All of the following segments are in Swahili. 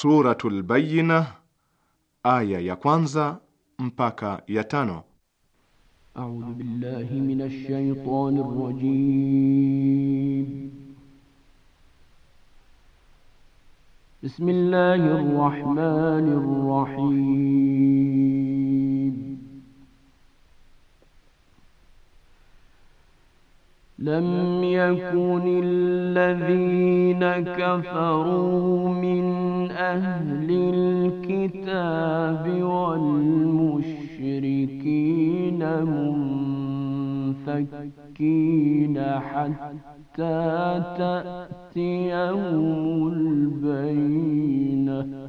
Suratul Bayyina aya ya kwanza mpaka ya tano. A'udhu billahi minash shaitani rrajim. Bismillahir rahmanir rahim لم يكن الذين كفروا من أهل الكتاب والمشركين منفكين حتى تأتيهم البينة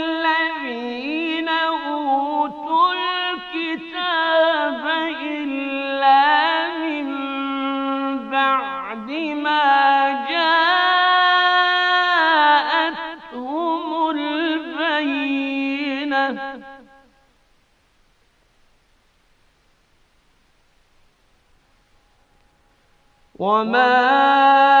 وما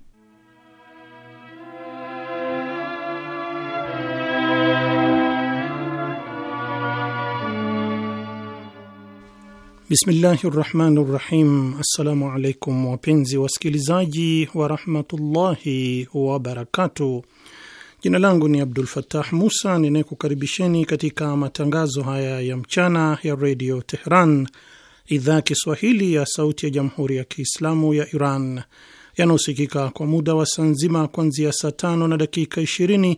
Bismillahi rrahmani rrahim. Assalamu alaikum wapenzi wasikilizaji warahmatullahi wabarakatu Jina langu ni Abdul fatah Musa ninayekukaribisheni katika matangazo haya ya mchana ya redio Tehran, idhaa ya Kiswahili ya sauti ya jamhuri ya Kiislamu ya Iran yanayosikika kwa muda wa saa nzima kuanzia saa tano na dakika ishirini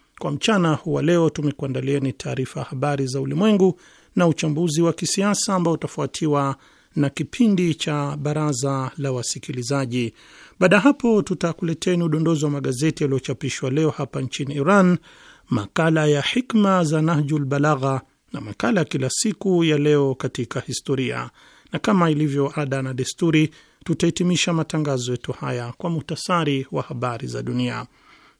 Kwa mchana wa leo tumekuandalieni taarifa ya habari za ulimwengu na uchambuzi wa kisiasa ambao utafuatiwa na kipindi cha baraza la wasikilizaji. Baada ya hapo, tutakuleteni udondozi wa magazeti yaliyochapishwa leo hapa nchini Iran, makala ya hikma za Nahjul Balagha na makala ya kila siku ya leo katika historia, na kama ilivyo ada na desturi, tutahitimisha matangazo yetu haya kwa muhtasari wa habari za dunia.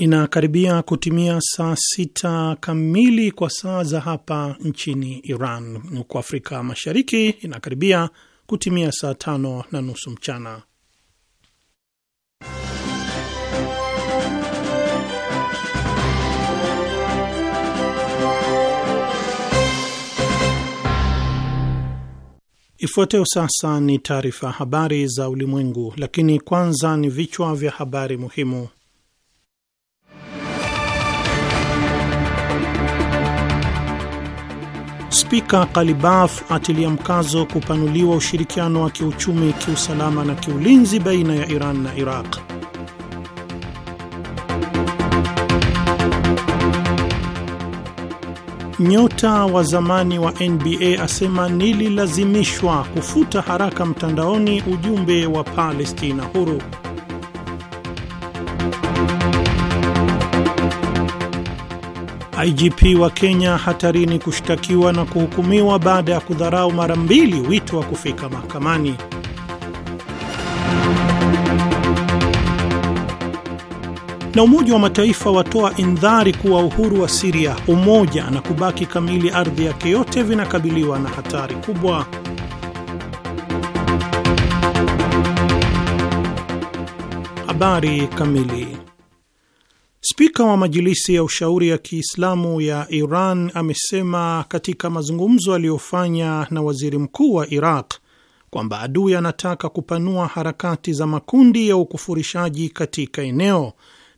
Inakaribia kutimia saa sita kamili kwa saa za hapa nchini Iran. Huko Afrika Mashariki inakaribia kutimia saa tano na nusu mchana. Ifuatayo sasa ni taarifa habari za ulimwengu, lakini kwanza ni vichwa vya habari muhimu. Spika Kalibaf atilia mkazo kupanuliwa ushirikiano wa kiuchumi, kiusalama na kiulinzi baina ya Iran na Iraq. Nyota wa zamani wa NBA asema nililazimishwa kufuta haraka mtandaoni ujumbe wa Palestina huru. IGP wa Kenya hatarini kushtakiwa na kuhukumiwa baada ya kudharau mara mbili wito wa kufika mahakamani. Na Umoja wa Mataifa watoa indhari kuwa uhuru wa Siria, umoja na kubaki kamili ardhi yake yote vinakabiliwa na hatari kubwa. Habari kamili Spika wa Majilisi ya Ushauri ya Kiislamu ya Iran amesema katika mazungumzo aliyofanya na waziri mkuu wa Iraq kwamba adui anataka kupanua harakati za makundi ya ukufurishaji katika eneo,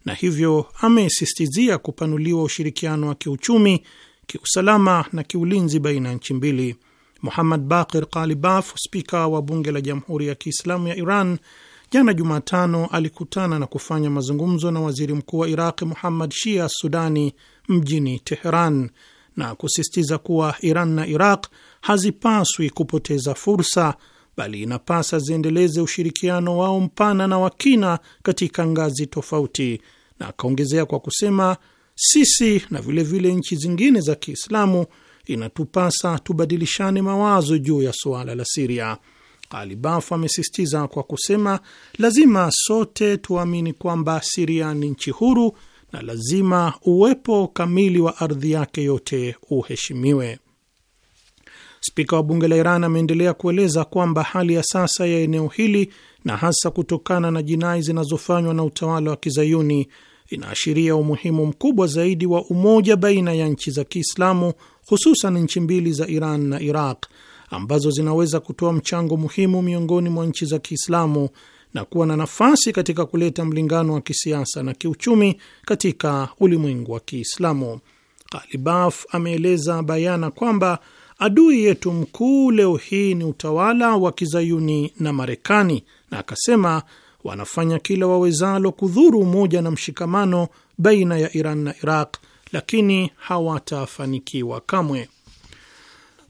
na hivyo amesistizia kupanuliwa ushirikiano wa kiuchumi, kiusalama na kiulinzi baina ya nchi mbili. Muhammad Bakir Kalibaf, spika wa bunge la Jamhuri ya Kiislamu ya Iran Jana Jumatano alikutana na kufanya mazungumzo na waziri mkuu wa Iraq Muhammad Shia Sudani mjini Teheran na kusisitiza kuwa Iran na Iraq hazipaswi kupoteza fursa, bali inapasa ziendeleze ushirikiano wao mpana na wakina katika ngazi tofauti, na akaongezea kwa kusema, sisi na vilevile nchi zingine za Kiislamu inatupasa tubadilishane mawazo juu ya suala la Siria. Kalibaf amesisitiza kwa kusema lazima sote tuamini kwamba Siria ni nchi huru na lazima uwepo kamili wa ardhi yake yote uheshimiwe. Spika wa bunge la Iran ameendelea kueleza kwamba hali ya sasa ya eneo hili na hasa kutokana na jinai zinazofanywa na utawala wa kizayuni inaashiria umuhimu mkubwa zaidi wa umoja baina ya nchi za Kiislamu, hususan nchi mbili za Iran na Iraq ambazo zinaweza kutoa mchango muhimu miongoni mwa nchi za Kiislamu na kuwa na nafasi katika kuleta mlingano wa kisiasa na kiuchumi katika ulimwengu wa Kiislamu. Ghalibaf ameeleza bayana kwamba adui yetu mkuu leo hii ni utawala wa kizayuni na Marekani, na akasema wanafanya kila wawezalo kudhuru umoja na mshikamano baina ya Iran na Iraq, lakini hawatafanikiwa kamwe.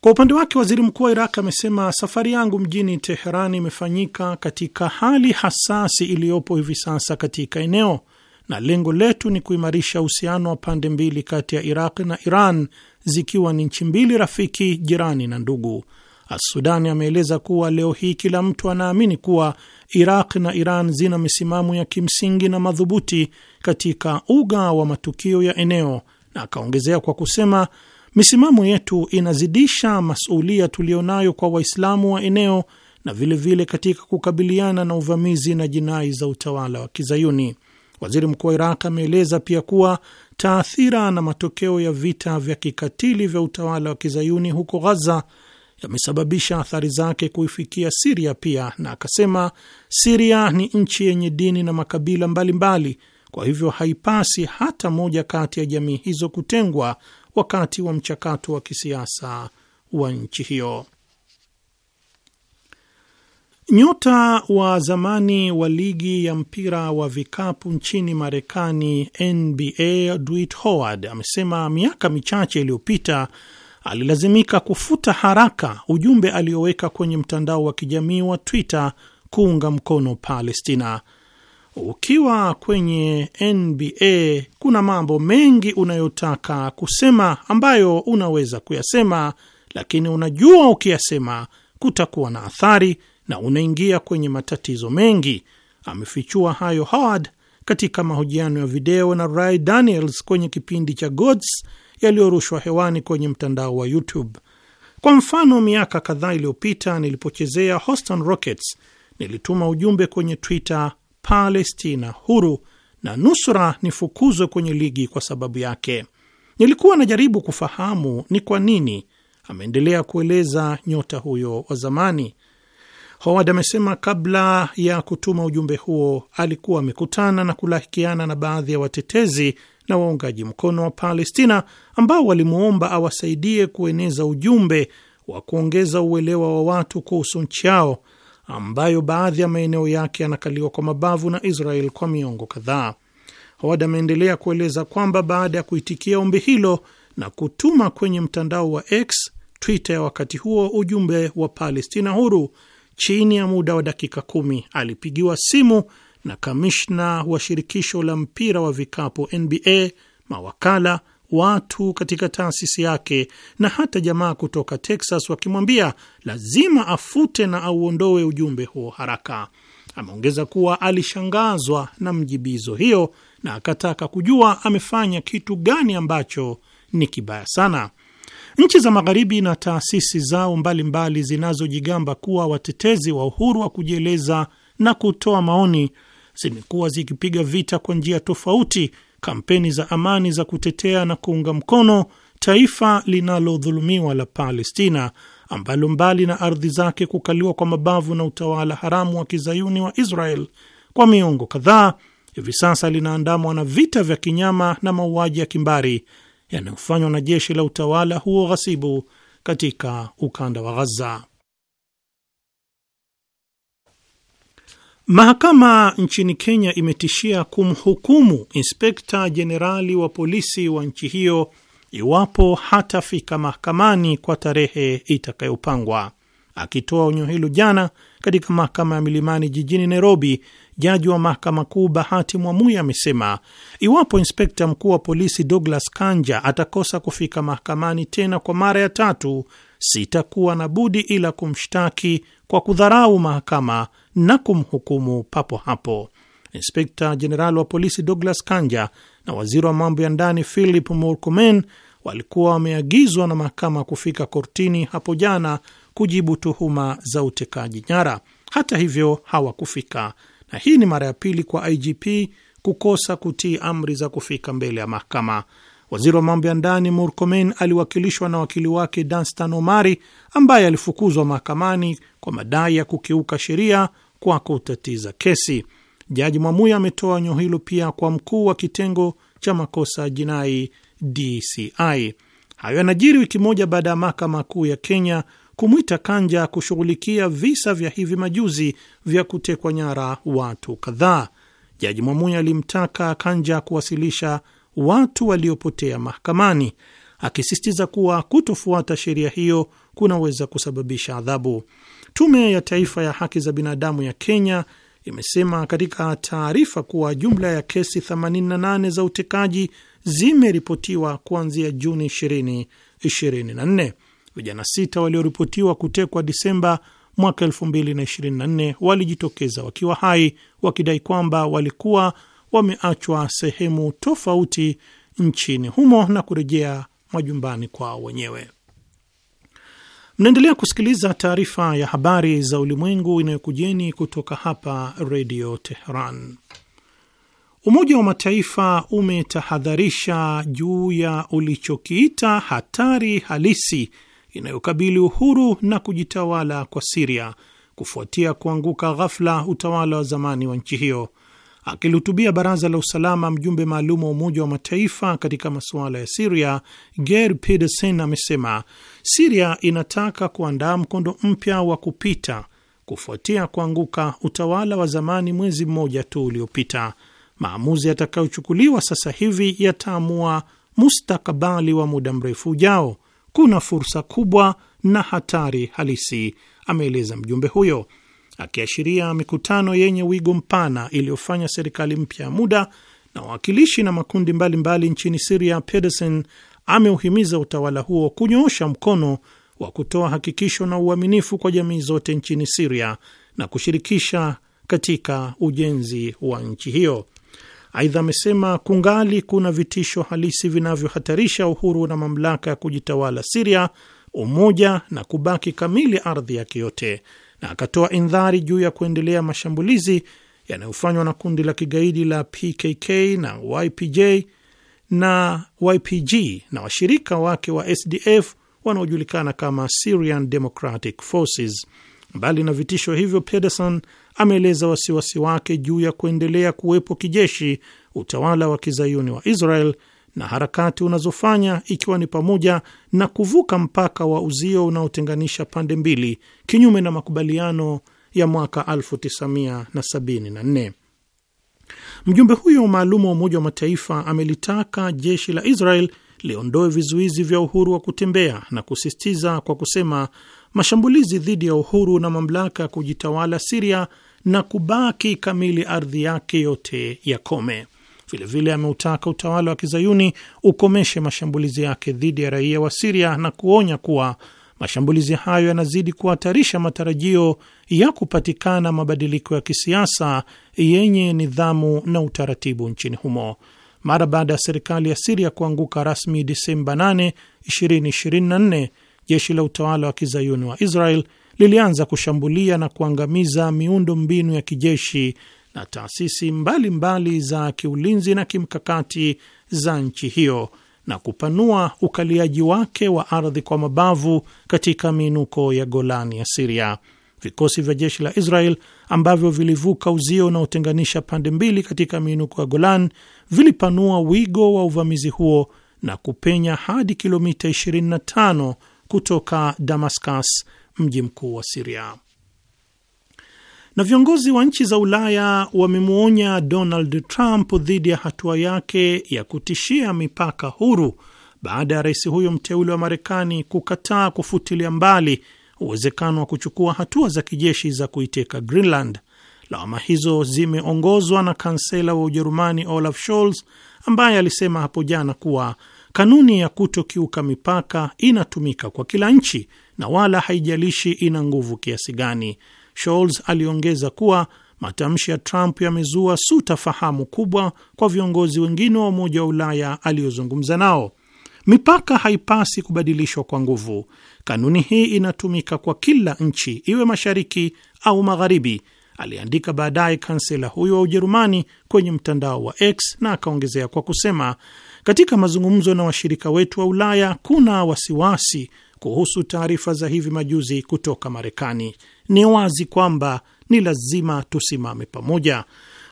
Kwa upande wake waziri mkuu wa Iraq amesema safari yangu mjini teheran imefanyika katika hali hasasi iliyopo hivi sasa katika eneo, na lengo letu ni kuimarisha uhusiano wa pande mbili kati ya Iraq na Iran, zikiwa ni nchi mbili rafiki, jirani na ndugu. Assudani ameeleza kuwa leo hii kila mtu anaamini kuwa Iraq na Iran zina misimamo ya kimsingi na madhubuti katika uga wa matukio ya eneo, na akaongezea kwa kusema Misimamo yetu inazidisha masulia tuliyonayo kwa Waislamu wa eneo na vilevile vile katika kukabiliana na uvamizi na jinai za utawala wa Kizayuni. Waziri mkuu wa Iraq ameeleza pia kuwa taathira na matokeo ya vita vya kikatili vya utawala wa Kizayuni huko Ghaza yamesababisha athari zake kuifikia Siria pia, na akasema Siria ni nchi yenye dini na makabila mbalimbali mbali. Kwa hivyo haipasi hata moja kati ya jamii hizo kutengwa wakati wa mchakato wa kisiasa wa nchi hiyo. Nyota wa zamani wa ligi ya mpira wa vikapu nchini Marekani, NBA, Dwight Howard amesema miaka michache iliyopita alilazimika kufuta haraka ujumbe alioweka kwenye mtandao wa kijamii wa Twitter kuunga mkono Palestina. Ukiwa kwenye NBA kuna mambo mengi unayotaka kusema ambayo unaweza kuyasema, lakini unajua ukiyasema kutakuwa na athari na unaingia kwenye matatizo mengi. Amefichua hayo Howard katika mahojiano ya video na Ray Daniels kwenye kipindi cha Gods yaliyorushwa hewani kwenye mtandao wa YouTube. Kwa mfano, miaka kadhaa iliyopita nilipochezea Houston Rockets, nilituma ujumbe kwenye Twitter Palestina huru na nusra nifukuzwe kwenye ligi kwa sababu yake. Nilikuwa najaribu kufahamu ni kwa nini, ameendelea kueleza nyota huyo wa zamani. Howard amesema kabla ya kutuma ujumbe huo alikuwa amekutana na kulahikiana na baadhi ya watetezi na waungaji mkono wa Palestina ambao walimwomba awasaidie kueneza ujumbe wa kuongeza uelewa wa watu kuhusu nchi yao ambayo baadhi ya maeneo yake yanakaliwa kwa mabavu na Israel kwa miongo kadhaa. Howard ameendelea kueleza kwamba baada ya kuitikia ombi hilo na kutuma kwenye mtandao wa X, Twitter ya wakati huo, ujumbe wa Palestina huru, chini ya muda wa dakika kumi alipigiwa simu na kamishna wa shirikisho la mpira wa vikapo NBA, mawakala watu katika taasisi yake na hata jamaa kutoka Texas wakimwambia lazima afute na auondoe ujumbe huo haraka. Ameongeza kuwa alishangazwa na mjibizo hiyo na akataka kujua amefanya kitu gani ambacho ni kibaya sana. Nchi za Magharibi na taasisi zao mbalimbali zinazojigamba kuwa watetezi wa uhuru wa kujieleza na kutoa maoni zimekuwa zikipiga vita kwa njia tofauti kampeni za amani za kutetea na kuunga mkono taifa linalodhulumiwa la Palestina ambalo mbali na ardhi zake kukaliwa kwa mabavu na utawala haramu wa kizayuni wa Israel kwa miongo kadhaa, hivi sasa linaandamwa na vita vya kinyama na mauaji ya kimbari yanayofanywa na jeshi la utawala huo ghasibu katika ukanda wa Ghaza. Mahakama nchini Kenya imetishia kumhukumu inspekta jenerali wa polisi wa nchi hiyo iwapo hatafika mahakamani kwa tarehe itakayopangwa. Akitoa onyo hilo jana katika mahakama ya Milimani jijini Nairobi, jaji wa mahakama kuu Bahati mwamuya amesema iwapo inspekta mkuu wa polisi Douglas Kanja atakosa kufika mahakamani tena kwa mara ya tatu, sitakuwa na budi ila kumshtaki kwa kudharau mahakama na kumhukumu papo hapo. Inspekta Jenerali wa polisi Douglas Kanja na waziri wa mambo ya ndani Philip Murkomen walikuwa wameagizwa na mahakama kufika kortini hapo jana kujibu tuhuma za utekaji nyara. Hata hivyo hawakufika, na hii ni mara ya pili kwa IGP kukosa kutii amri za kufika mbele ya mahakama. Waziri wa mambo ya ndani Murkomen aliwakilishwa na wakili wake Danstan Omari ambaye alifukuzwa mahakamani kwa madai ya kukiuka sheria kwa kutatiza kesi. Jaji Mwamuya ametoa onyo hilo pia kwa mkuu wa kitengo cha makosa jinai DCI. Hayo yanajiri wiki moja baada ya mahakama kuu ya Kenya kumwita Kanja kushughulikia visa vya hivi majuzi vya kutekwa nyara watu kadhaa. Jaji Mwamuya alimtaka Kanja kuwasilisha watu waliopotea mahakamani, akisisitiza kuwa kutofuata sheria hiyo kunaweza kusababisha adhabu. Tume ya Taifa ya Haki za Binadamu ya Kenya imesema katika taarifa kuwa jumla ya kesi 88 za utekaji zimeripotiwa kuanzia Juni 2024. Vijana sita walioripotiwa kutekwa Disemba mwaka 2024 walijitokeza wakiwa hai wakidai kwamba walikuwa wameachwa sehemu tofauti nchini humo na kurejea majumbani kwao wenyewe. Mnaendelea kusikiliza taarifa ya habari za ulimwengu inayokujeni kutoka hapa Redio Teheran. Umoja wa Mataifa umetahadharisha juu ya ulichokiita hatari halisi inayokabili uhuru na kujitawala kwa Siria kufuatia kuanguka ghafla utawala wa zamani wa nchi hiyo. Akilihutubia baraza la usalama, mjumbe maalum wa Umoja wa Mataifa katika masuala ya Siria Geir Pedersen amesema Siria inataka kuandaa mkondo mpya wa kupita kufuatia kuanguka utawala wa zamani mwezi mmoja tu uliopita. Maamuzi yatakayochukuliwa sasa hivi yataamua mustakabali wa muda mrefu ujao. Kuna fursa kubwa na hatari halisi, ameeleza mjumbe huyo akiashiria mikutano yenye wigo mpana iliyofanya serikali mpya ya muda na wawakilishi na makundi mbalimbali mbali nchini Siria, Pedersen ameuhimiza utawala huo kunyoosha mkono wa kutoa hakikisho na uaminifu kwa jamii zote nchini Siria na kushirikisha katika ujenzi wa nchi hiyo. Aidha, amesema kungali kuna vitisho halisi vinavyohatarisha uhuru na mamlaka ya kujitawala Siria, umoja na kubaki kamili ardhi yake yote na akatoa indhari juu ya kuendelea mashambulizi yanayofanywa na kundi la kigaidi la PKK na YPJ na YPG na washirika wake wa SDF wanaojulikana kama Syrian Democratic Forces. Mbali na vitisho hivyo, Pedersen ameeleza wasiwasi wake juu ya kuendelea kuwepo kijeshi utawala wa kizayuni wa Israel na harakati unazofanya ikiwa ni pamoja na kuvuka mpaka wa uzio unaotenganisha pande mbili kinyume na makubaliano ya mwaka 1974. Mjumbe huyo maalumu wa Umoja wa Mataifa amelitaka jeshi la Israel liondoe vizuizi vya uhuru wa kutembea na kusisitiza kwa kusema, mashambulizi dhidi ya uhuru na mamlaka ya kujitawala Siria na kubaki kamili ardhi yake yote yakome. Vilevile ameutaka utawala wa kizayuni ukomeshe mashambulizi yake dhidi ya raia wa Siria na kuonya kuwa mashambulizi hayo yanazidi kuhatarisha matarajio ya kupatikana mabadiliko ya kisiasa yenye nidhamu na utaratibu nchini humo. Mara baada ya serikali ya Siria kuanguka rasmi Disemba 8, 2024, jeshi la utawala wa kizayuni wa Israel lilianza kushambulia na kuangamiza miundo mbinu ya kijeshi na taasisi mbalimbali mbali za kiulinzi na kimkakati za nchi hiyo na kupanua ukaliaji wake wa ardhi kwa mabavu katika miinuko ya Golani ya Siria. Vikosi vya jeshi la Israel ambavyo vilivuka uzio unaotenganisha pande mbili katika miinuko ya Golan vilipanua wigo wa uvamizi huo na kupenya hadi kilomita 25 kutoka Damascus, mji mkuu wa Siria na viongozi wa nchi za Ulaya wamemwonya Donald Trump dhidi ya hatua yake ya kutishia mipaka huru baada ya rais huyo mteule wa Marekani kukataa kufutilia mbali uwezekano wa kuchukua hatua za kijeshi za kuiteka Greenland. Lawama hizo zimeongozwa na kansela wa Ujerumani Olaf Scholz ambaye alisema hapo jana kuwa kanuni ya kutokiuka mipaka inatumika kwa kila nchi na wala haijalishi ina nguvu kiasi gani. Scholz aliongeza kuwa matamshi ya Trump yamezua sintofahamu kubwa kwa viongozi wengine wa Umoja wa Ulaya aliyozungumza nao. Mipaka haipasi kubadilishwa kwa nguvu. Kanuni hii inatumika kwa kila nchi, iwe mashariki au magharibi, aliandika baadaye kansela huyo wa Ujerumani kwenye mtandao wa X, na akaongezea kwa kusema, katika mazungumzo na washirika wetu wa Ulaya kuna wasiwasi kuhusu taarifa za hivi majuzi kutoka Marekani. Ni wazi kwamba ni lazima tusimame pamoja.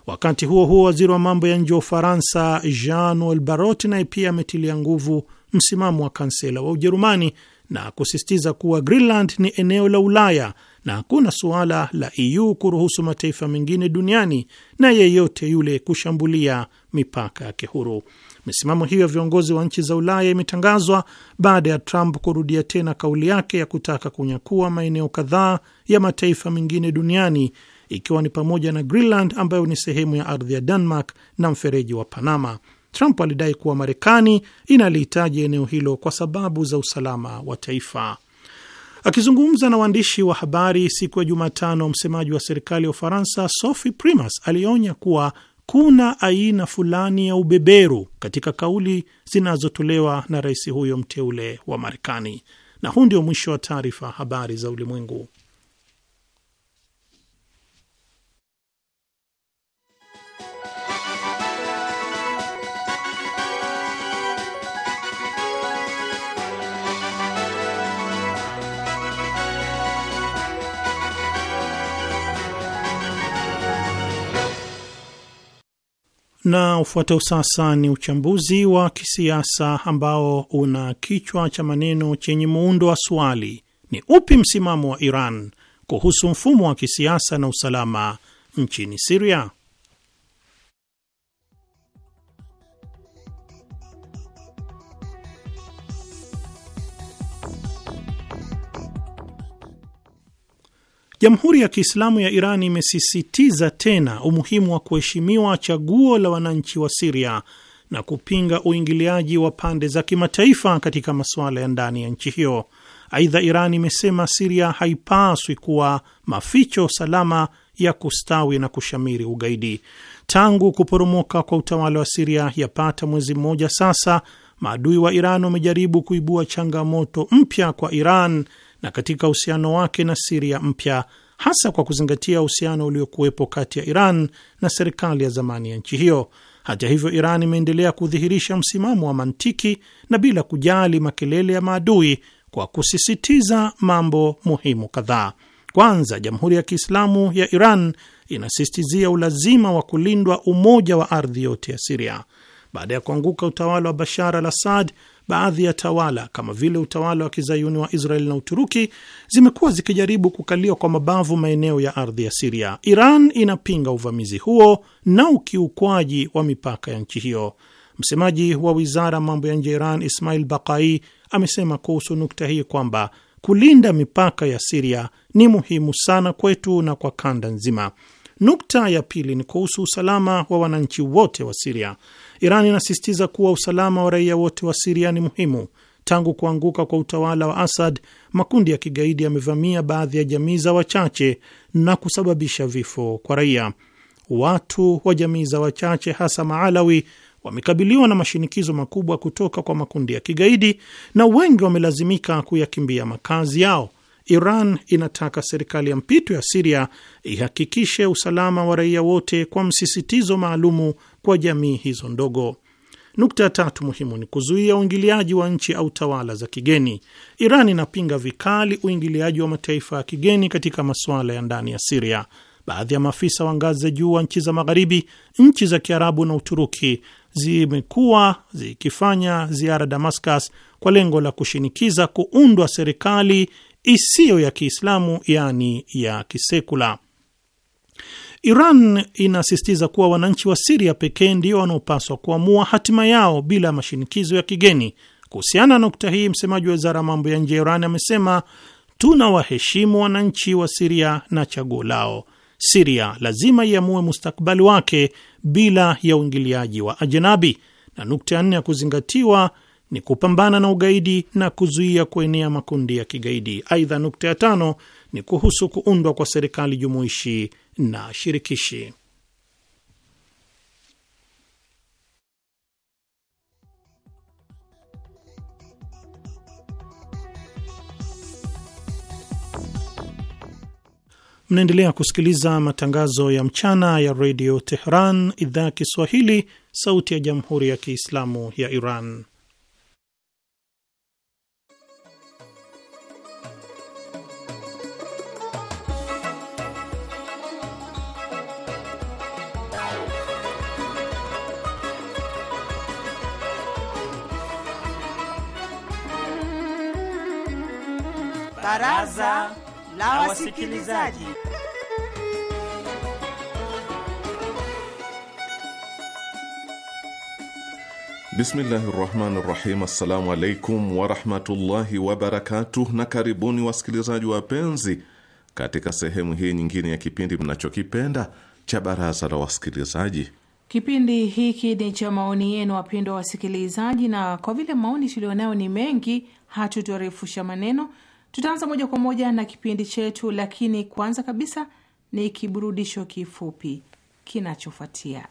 Wakati huo huo, waziri wa mambo ya nje wa Ufaransa Jean Noel Barrot naye pia ametilia nguvu msimamo wa kansela wa Ujerumani na kusisitiza kuwa Greenland ni eneo la Ulaya na hakuna suala la EU kuruhusu mataifa mengine duniani na yeyote yule kushambulia mipaka yake huru. Misimamo hiyo ya viongozi wa nchi za Ulaya imetangazwa baada ya Trump kurudia tena kauli yake ya kutaka kunyakua maeneo kadhaa ya mataifa mengine duniani ikiwa ni pamoja na Greenland ambayo ni sehemu ya ardhi ya Denmark na mfereji wa Panama. Trump alidai kuwa Marekani inalihitaji eneo hilo kwa sababu za usalama wa taifa. Akizungumza na waandishi wa habari siku ya Jumatano, msemaji wa serikali ya Ufaransa Sophie Primas alionya kuwa kuna aina fulani ya ubeberu katika kauli zinazotolewa na rais huyo mteule wa Marekani. Na huu ndio mwisho wa taarifa habari za ulimwengu. Na ufuatao sasa ni uchambuzi wa kisiasa ambao una kichwa cha maneno chenye muundo wa swali: ni upi msimamo wa Iran kuhusu mfumo wa kisiasa na usalama nchini Siria? Jamhuri ya Kiislamu ya Iran imesisitiza tena umuhimu wa kuheshimiwa chaguo la wananchi wa Siria na kupinga uingiliaji wa pande za kimataifa katika masuala ya ndani ya nchi hiyo. Aidha, Iran imesema Siria haipaswi kuwa maficho salama ya kustawi na kushamiri ugaidi. Tangu kuporomoka kwa utawala wa Siria yapata mwezi mmoja sasa, maadui wa Iran wamejaribu kuibua changamoto mpya kwa Iran na katika uhusiano wake na Siria mpya, hasa kwa kuzingatia uhusiano uliokuwepo kati ya Iran na serikali ya zamani ya nchi hiyo. Hata hivyo, Iran imeendelea kudhihirisha msimamo wa mantiki na bila kujali makelele ya maadui kwa kusisitiza mambo muhimu kadhaa. Kwanza, Jamhuri ya Kiislamu ya Iran inasisitizia ulazima wa kulindwa umoja wa ardhi yote ya Siria. Baada ya kuanguka utawala wa Bashar al Assad, baadhi ya tawala kama vile utawala wa kizayuni wa Israel na Uturuki zimekuwa zikijaribu kukalia kwa mabavu maeneo ya ardhi ya Siria. Iran inapinga uvamizi huo na ukiukwaji wa mipaka ya nchi hiyo. Msemaji wa wizara mambo ya nje ya Iran, Ismail Bakai, amesema kuhusu nukta hii kwamba kulinda mipaka ya Siria ni muhimu sana kwetu na kwa kanda nzima. Nukta ya pili ni kuhusu usalama wa wananchi wote wa Siria. Iran inasisitiza kuwa usalama wa raia wote wa Siria ni muhimu. Tangu kuanguka kwa utawala wa Asad, makundi ya kigaidi yamevamia baadhi ya jamii za wachache na kusababisha vifo kwa raia. Watu wa jamii za wachache hasa Maalawi wamekabiliwa na mashinikizo makubwa kutoka kwa makundi ya kigaidi na wengi wamelazimika kuyakimbia makazi yao. Iran inataka serikali ya mpito ya Siria ihakikishe usalama wa raia wote kwa msisitizo maalumu kwa jamii hizo ndogo. Nukta tatu muhimu ni kuzuia uingiliaji wa nchi au tawala za kigeni. Iran inapinga vikali uingiliaji wa mataifa ya kigeni katika masuala ya ndani ya Siria. Baadhi ya maafisa wa ngazi za juu wa nchi za Magharibi, nchi za Kiarabu na Uturuki zimekuwa zikifanya ziara Damascus kwa lengo la kushinikiza kuundwa serikali isiyo ya Kiislamu, yaani ya kisekula. Iran inasisitiza kuwa wananchi wa Siria pekee ndio wanaopaswa kuamua hatima yao bila mashinikizo ya kigeni. Kuhusiana na nukta hii, msemaji wa wizara ya mambo ya nje ya Iran amesema, tunawaheshimu wananchi wa Siria na chaguo lao. Siria lazima iamue mustakbali wake bila ya uingiliaji wa ajnabi. Na nukta ya nne ya kuzingatiwa ni kupambana na ugaidi na kuzuia kuenea makundi ya kigaidi. Aidha, nukta ya tano ni kuhusu kuundwa kwa serikali jumuishi na shirikishi. Mnaendelea kusikiliza matangazo ya mchana ya redio Tehran, idhaa ya Kiswahili, sauti ya jamhuri ya kiislamu ya Iran. Baraza la Wasikilizaji. Bismillahi rahmani rahim. Assalamu alaikum warahmatullahi wabarakatuh, na karibuni wasikilizaji wapenzi katika sehemu hii nyingine ya kipindi mnachokipenda cha Baraza la Wasikilizaji. Kipindi hiki ni cha maoni yenu, wapendwa wasikilizaji, na kwa vile maoni tulionayo ni mengi, hatutorefusha maneno Tutaanza moja kwa moja na kipindi chetu, lakini kwanza kabisa ni kiburudisho kifupi kinachofuatia.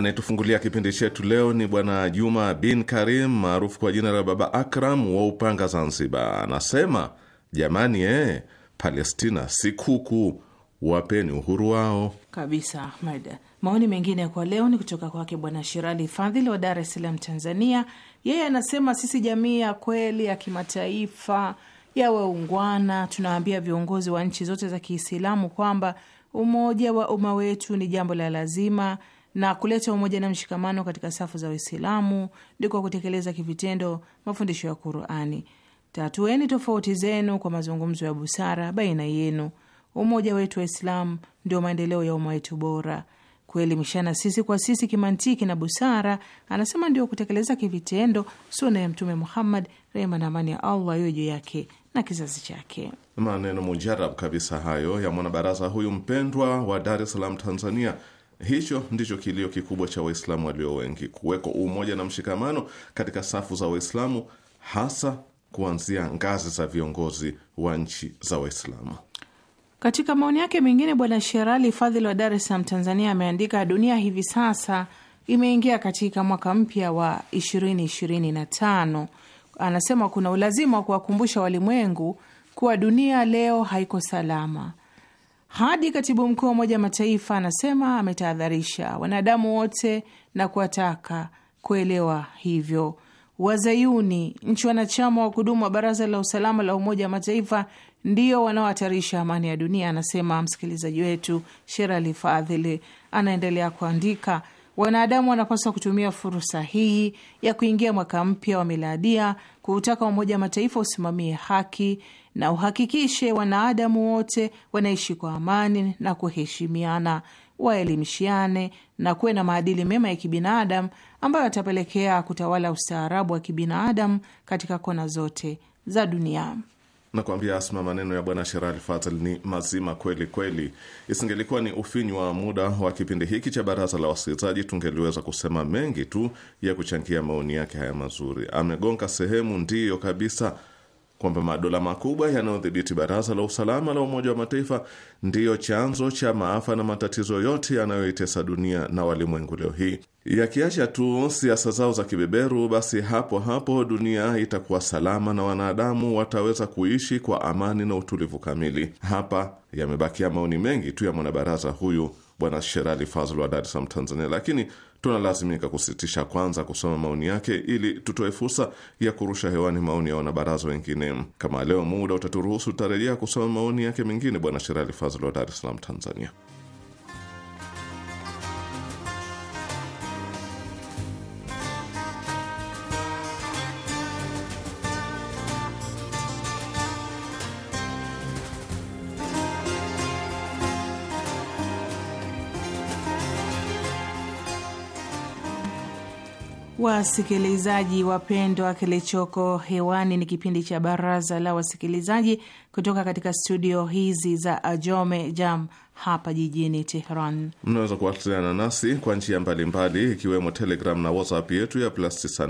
Anayetufungulia kipindi chetu leo ni Bwana Juma bin Karim maarufu kwa jina la Baba Akram wa Upanga, Zanzibar. Anasema jamani, eh, Palestina si kuku, wapeni uhuru wao kabisa. Ahmed, maoni mengine kwa leo ni kutoka kwake Bwana Shirali Fadhili wa Dar es Salaam, Tanzania. Yeye anasema sisi jamii ya kweli ya kimataifa ya waungwana tunawaambia viongozi wa nchi zote za Kiislamu kwamba umoja wa umma wetu ni jambo la lazima na kuleta umoja na mshikamano katika safu za Waislamu ni kwa kutekeleza kivitendo mafundisho ya Qurani. Tatueni tofauti zenu kwa mazungumzo ya busara baina yenu. Umoja wetu Waislamu ndio maendeleo ya umma wetu bora. Kuelimishana sisi kwa sisi kimantiki na busara, anasema ndio kutekeleza kivitendo suna ya Mtume Muhammad, rehma na amani ya Allah iwe juu yake na kizazi chake. Maneno mujarab kabisa hayo ya mwanabaraza huyu mpendwa wa Dar es Salaam, Tanzania Hicho ndicho kilio kikubwa cha Waislamu walio wengi, kuweko umoja na mshikamano katika safu za Waislamu, hasa kuanzia ngazi za viongozi wa nchi za Waislamu. Katika maoni yake mengine, Bwana Sherali Fadhili wa Dar es Salaam, Tanzania, ameandika dunia hivi sasa imeingia katika mwaka mpya wa 2025. Anasema kuna ulazima wa kuwakumbusha walimwengu kuwa dunia leo haiko salama hadi katibu mkuu wa Umoja wa Mataifa anasema ametahadharisha wanadamu wote na kuwataka kuelewa hivyo. Wazayuni, nchi wanachama wa kudumu wa Baraza la Usalama la Umoja wa Mataifa, ndio wanaohatarisha amani ya dunia, anasema msikilizaji wetu Sherali Fadhili. Anaendelea kuandika, wanadamu wanapaswa kutumia fursa hii ya kuingia mwaka mpya wa miladia kuutaka Umoja wa Mataifa usimamie haki na uhakikishe wanaadamu wote wanaishi kwa amani na kuheshimiana, waelimishiane na kuwe na maadili mema ya kibinadamu ambayo yatapelekea kutawala ustaarabu wa kibinadamu katika kona zote za dunia. Nakwambia Asma, maneno ya Bwana Sherali Fatal ni mazima kweli kweli. Isingelikuwa ni ufinyu wa muda wa kipindi hiki cha baraza la wasikilizaji, tungeliweza kusema mengi tu ya kuchangia maoni yake haya mazuri. Amegonga sehemu ndiyo kabisa kwamba madola makubwa yanayodhibiti Baraza la Usalama la Umoja wa Mataifa ndiyo chanzo cha maafa na matatizo yote yanayoitesa dunia na walimwengu leo hii. Yakiacha tu siasa zao za kibeberu, basi hapo hapo dunia itakuwa salama na wanadamu wataweza kuishi kwa amani na utulivu kamili. Hapa yamebakia maoni mengi tu ya mwanabaraza huyu Bwana Sherali Fazl wa Dar es Salaam, Tanzania, lakini tunalazimika kusitisha kwanza kusoma maoni yake ili tutoe fursa ya kurusha hewani maoni ya wanabaraza wengine. Kama leo muda utaturuhusu, tutarejea kusoma maoni yake mengine. Bwana Sherali Fazl wa Dar es Salaam, Tanzania. Wasikilizaji wapendwa, kilichoko hewani ni kipindi cha Baraza la Wasikilizaji kutoka katika studio hizi za Ajome Jam hapa jijini Teheran. Mnaweza kuwasiliana nasi kwa njia mbalimbali, ikiwemo Telegram na WhatsApp yetu ya plus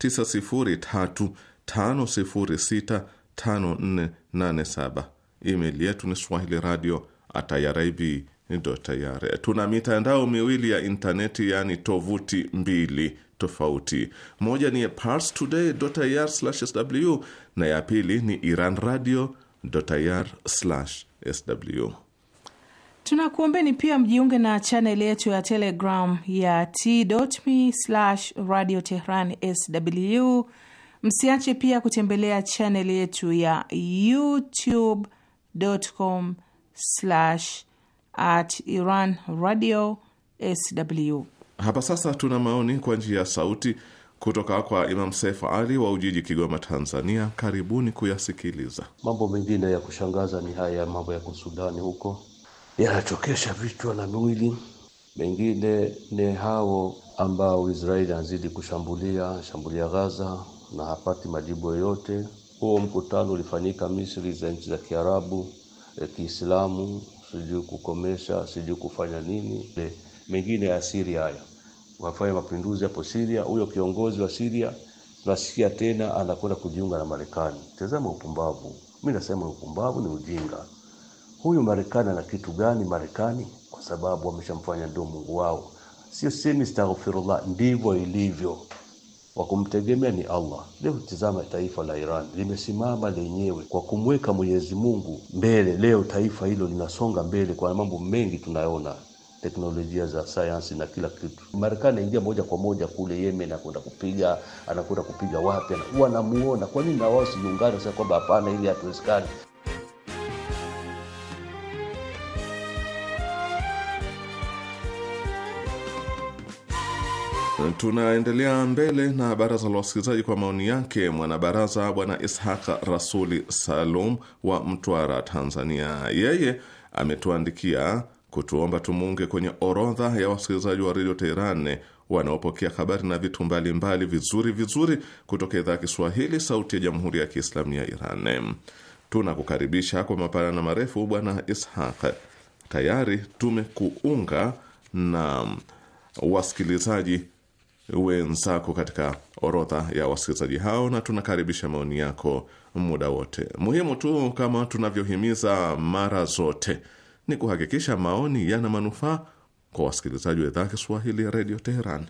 989035065487. Email yetu ni swahili radio atayaraib tayare. Tuna mitandao miwili ya intaneti, yaani tovuti mbili tofauti. Moja ni parstoday.ir/sw na ya pili ni iranradio.ir/sw. Tunakuombeni pia mjiunge na chaneli yetu ya Telegram ya t.me/radio tehran sw. Msiache pia kutembelea chaneli yetu ya youtube.com/at iran radio sw. Hapa sasa tuna maoni kwa njia ya sauti kutoka kwa Imam Saif Ali wa Ujiji, Kigoma, Tanzania. Karibuni kuyasikiliza. Mambo mengine ya kushangaza ni haya mambo ya Sudani huko yanachokesha vichwa na miwili Mengine ni hao ambao Israeli anazidi kushambulia shambulia Gaza na hapati majibu yoyote. Huo mkutano ulifanyika Misri za nchi za Kiarabu ya eh, Kiislamu, sijui kukomesha, sijui kufanya nini. Eh, mengine ya asiri haya wafanye mapinduzi hapo Syria. Huyo kiongozi wa Syria nasikia tena anakwenda kujiunga na Marekani. Tazama upumbavu. Mimi nasema upumbavu ni ujinga. Huyu Marekani ana kitu gani Marekani? Kwa sababu wameshamfanya ndio Mungu wao. Sio semi astaghfirullah, ndivyo ilivyo. Wa kumtegemea ni Allah. Leo tizama taifa la Iran limesimama lenyewe kwa kumweka Mwenyezi Mungu mbele. Leo taifa hilo linasonga mbele kwa mambo mengi tunayoona teknolojia za sayansi na kila kitu. Marekani aingia moja kwa moja kule Yemen, anakwenda kupiga anakwenda kupiga wapi, huwa anamuona. Kwa nini na wao siungane sasa kwamba hapana, ili hatuwezekani? Tunaendelea mbele na baraza la wasikilizaji kwa maoni yake mwanabaraza Bwana Ishaq Rasuli Salum wa Mtwara, Tanzania. Yeye ametuandikia kutuomba tumuunge kwenye orodha ya wasikilizaji wa redio Teheran wanaopokea habari na vitu mbalimbali vizuri vizuri kutoka idhaa ya Kiswahili sauti ya jamhuri ya Kiislamu ya Iran. Tunakukaribisha kwa mapana na marefu, Bwana Ishaq. Tayari tumekuunga na wasikilizaji wenzako katika orodha ya wasikilizaji hao, na tunakaribisha maoni yako muda wote. Muhimu tu kama tunavyohimiza mara zote ni kuhakikisha maoni yana manufaa kwa wasikilizaji wa idhaa Kiswahili ya redio Teheran.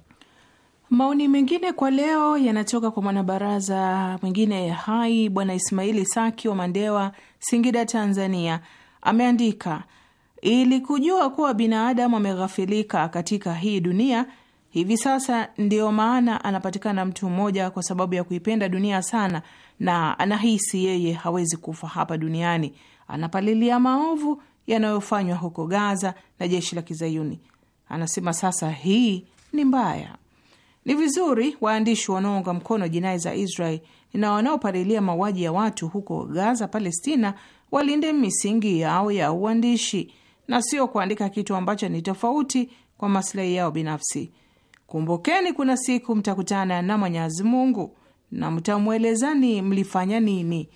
Maoni mengine kwa leo yanatoka kwa mwanabaraza mwingine hai Bwana Ismaili Saki wa Mandewa, Singida, Tanzania. Ameandika, ili kujua kuwa binadamu ameghafilika katika hii dunia hivi sasa, ndiyo maana anapatikana mtu mmoja kwa sababu ya kuipenda dunia sana, na anahisi yeye hawezi kufa hapa duniani, anapalilia maovu yanayofanywa huko Gaza na jeshi la Kizayuni. Anasema sasa hii ni mbaya. Ni vizuri waandishi wanaounga mkono jinai za Israel na wanaopalilia mauaji ya watu huko Gaza, Palestina, walinde misingi yao ya uandishi na sio kuandika kitu ambacho ni tofauti kwa maslahi yao binafsi. Kumbukeni, kuna siku mtakutana na Mwenyezi Mungu na mtamwelezani mlifanya nini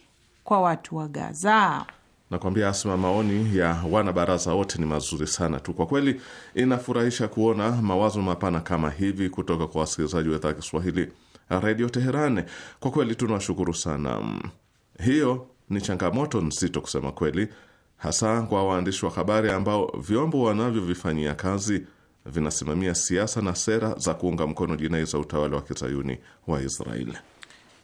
kwa watu wa Gaza. Nakwambia Asma, maoni ya wanabaraza wote ni mazuri sana tu kwa kweli. Inafurahisha kuona mawazo mapana kama hivi kutoka kwa wasikilizaji wa idhaa Kiswahili Redio Teheran. Kwa kweli tunawashukuru sana. Hiyo ni changamoto nzito kusema kweli, hasa kwa waandishi wa habari ambao vyombo wanavyovifanyia kazi vinasimamia siasa na sera za kuunga mkono jinai za utawala wa kizayuni wa Israeli.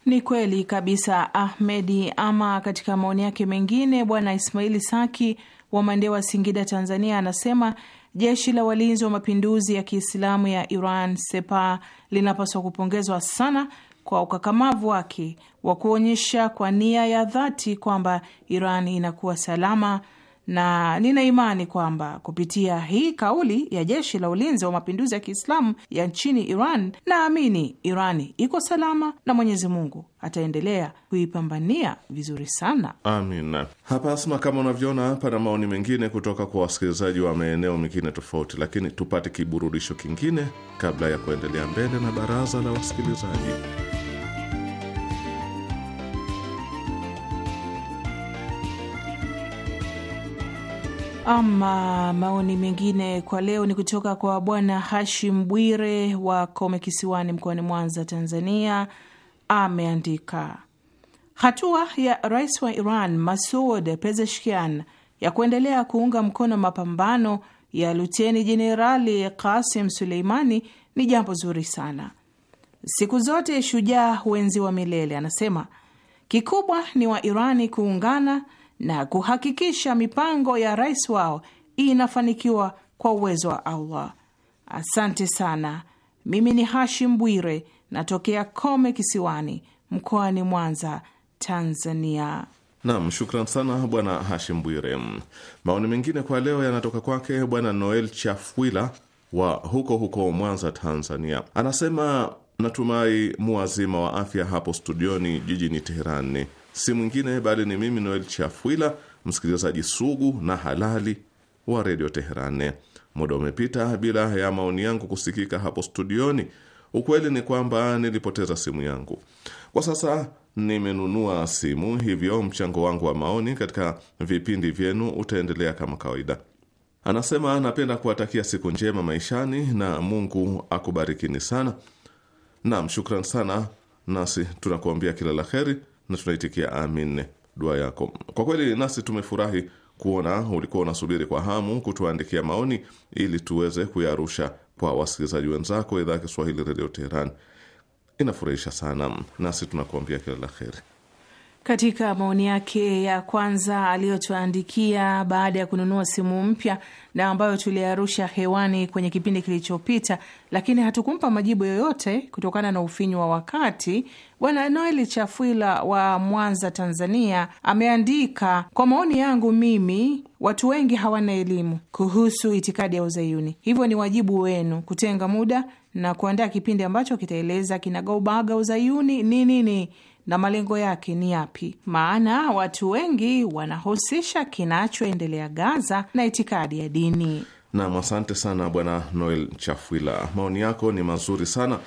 Ni kweli kabisa Ahmedi. Ama katika maoni yake mengine, bwana Ismaili Saki wa Mandewa, Singida, Tanzania, anasema jeshi la walinzi wa mapinduzi ya Kiislamu ya Iran Sepa linapaswa kupongezwa sana kwa ukakamavu wake wa kuonyesha kwa nia ya dhati kwamba Iran inakuwa salama na nina imani kwamba kupitia hii kauli ya jeshi la ulinzi wa mapinduzi ya Kiislamu ya nchini Iran, naamini iran iko salama na Mwenyezi Mungu ataendelea kuipambania vizuri sana. Amina. Hapa Asma, kama unavyoona, pana maoni mengine kutoka kwa wasikilizaji wa maeneo mengine tofauti, lakini tupate kiburudisho kingine kabla ya kuendelea mbele na baraza la wasikilizaji. Ama maoni mengine kwa leo ni kutoka kwa Bwana Hashim Bwire wa Kome Kisiwani, mkoani Mwanza, Tanzania. Ameandika, hatua ya rais wa Iran Masud Pezeshkian ya kuendelea kuunga mkono mapambano ya luteni jenerali Kasim Suleimani ni jambo zuri sana. Siku zote shujaa huenziwa milele, anasema. Kikubwa ni wa irani kuungana na kuhakikisha mipango ya rais wao inafanikiwa kwa uwezo wa Allah. Asante sana. Mimi ni Hashim Bwire, natokea Kome Kisiwani, mkoani Mwanza, Tanzania. Nam, shukran sana Bwana Hashim Bwire. Maoni mengine kwa leo yanatoka kwake Bwana Noel Chafwila wa huko huko Mwanza, Tanzania. Anasema, natumai muwazima wa afya hapo studioni jijini Teherani si mwingine bali ni mimi Noel Chafwila, msikilizaji sugu na halali wa redio Teheran. Muda umepita bila ya maoni yangu kusikika hapo studioni. Ukweli ni kwamba nilipoteza simu yangu. Kwa sasa nimenunua simu, hivyo mchango wangu wa maoni katika vipindi vyenu utaendelea kama kawaida. Anasema napenda kuwatakia siku njema maishani na Mungu akubarikini sana. Naam, shukran sana, nasi tunakuambia kila la heri na tunaitikia amin dua yako. Kwa kweli nasi tumefurahi kuona ulikuwa unasubiri kwa hamu kutuandikia maoni ili tuweze kuyarusha kwa wasikilizaji wenzako. Idhaa ya Kiswahili Redio Teheran inafurahisha sana, nasi tunakuambia kila la heri. Katika maoni yake ya kwanza aliyotuandikia baada ya kununua simu mpya na ambayo tuliarusha hewani kwenye kipindi kilichopita, lakini hatukumpa majibu yoyote kutokana na ufinyu wa wakati, Bwana Noel Chafuila wa Mwanza, Tanzania, ameandika kwa maoni yangu mimi, watu wengi hawana elimu kuhusu itikadi ya Uzayuni, hivyo ni wajibu wenu kutenga muda na kuandaa kipindi ambacho kitaeleza kinagaubaga Uzayuni ni nini na malengo yake ni yapi? Maana watu wengi wanahusisha kinachoendelea Gaza na itikadi ya dini. Nam, asante sana Bwana Noel Chafwila, maoni yako ni mazuri sana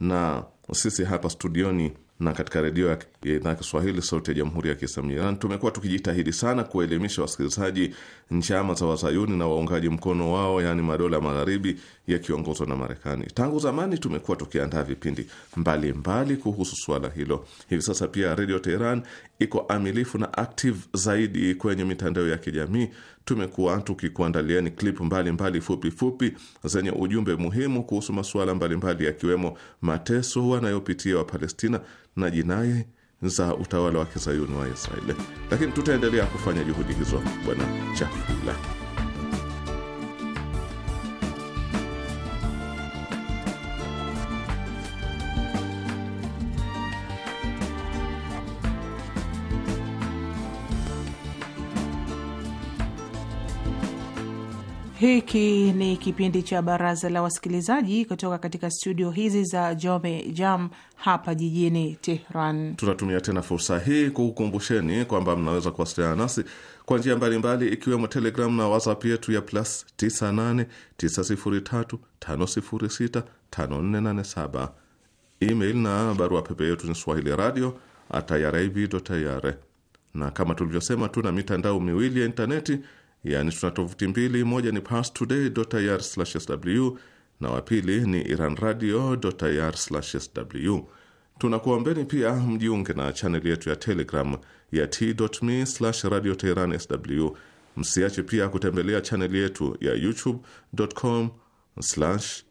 na sisi hapa studioni na katika redio ya idhaa ya Kiswahili sauti ya jamhuri ya Kiislamu Iran tumekuwa tukijitahidi sana kuwaelimisha wasikilizaji njama za wazayuni na waungaji mkono wao, yaani madola magharibi yakiongozwa na Marekani. Tangu zamani tumekuwa tukiandaa vipindi mbalimbali mbali kuhusu suala hilo. Hivi sasa pia Redio Teheran iko amilifu na active zaidi kwenye mitandao ya kijamii. Tumekuwa tukikuandaliani klip mbalimbali fupifupi zenye ujumbe muhimu kuhusu masuala mbalimbali yakiwemo mateso wanayopitia Wapalestina na jinai za utawala wa kizayuni wa Israeli, lakini tutaendelea kufanya juhudi hizo, bwana Chafula. Hiki ni kipindi cha baraza la wasikilizaji kutoka katika studio hizi za Jome Jam hapa jijini Tehran. Tunatumia tena fursa hii kukukumbusheni kwamba mnaweza kuwasiliana nasi kwa njia mbalimbali ikiwemo Telegram na WhatsApp yetu ya plus 989035065487, email na barua pepe yetu ni swahili radio at tayare na kama tulivyosema, tuna mitandao miwili ya intaneti yani tuna tovuti mbili, moja ni pastoday.ir/sw na wapili ni iranradio.ir/sw. Tunakuombeni pia mjiunge na chaneli yetu ya Telegram ya t.me radio sw. Msiache pia kutembelea chaneli yetu ya youtube.com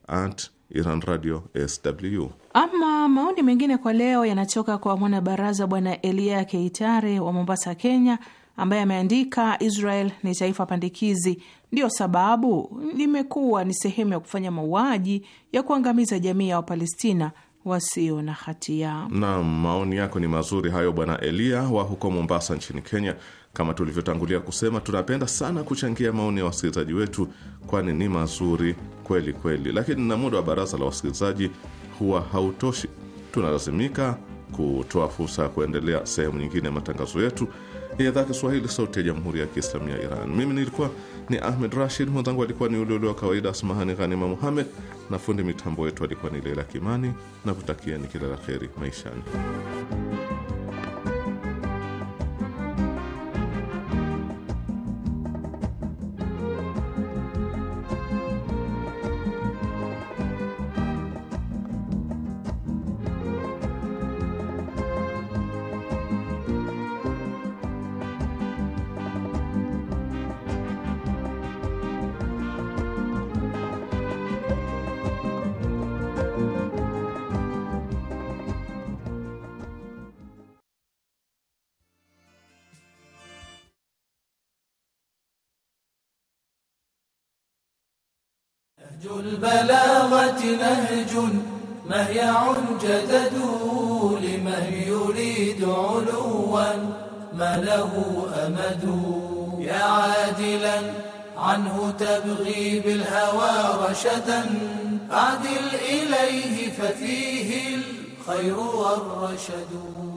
at Iran Radio SW. Ama maoni mengine kwa leo yanatoka kwa mwanabaraza Bwana Elia Keitare wa Mombasa, Kenya, ambaye ameandika Israel ni taifa pandikizi, ndiyo sababu limekuwa ni sehemu ya kufanya mauaji ya kuangamiza jamii ya Wapalestina wasio na hatia. Naam, maoni yako ni mazuri hayo, Bwana Eliya wa huko Mombasa nchini Kenya. Kama tulivyotangulia kusema, tunapenda sana kuchangia maoni ya wasikilizaji wetu, kwani ni mazuri kweli kweli, lakini na muda wa baraza la wasikilizaji huwa hautoshi, tunalazimika kutoa fursa ya kuendelea sehemu nyingine ya matangazo yetu ya idhaa Kiswahili sauti ya jamhuri ya Kiislamu ya Iran. Mimi nilikuwa ni Ahmed Rashid, mwenzangu alikuwa ni ule wa kawaida Asmahani Ghanima Muhammed, na fundi mitambo wetu alikuwa ni Leila Kimani, na kutakieni kila la kheri maishani. يهيع جدد لمن يريد علوا ما له أمد يا عادلا عنه تبغي بالهوى رشدا أعدل إليه ففيه الخير والرشد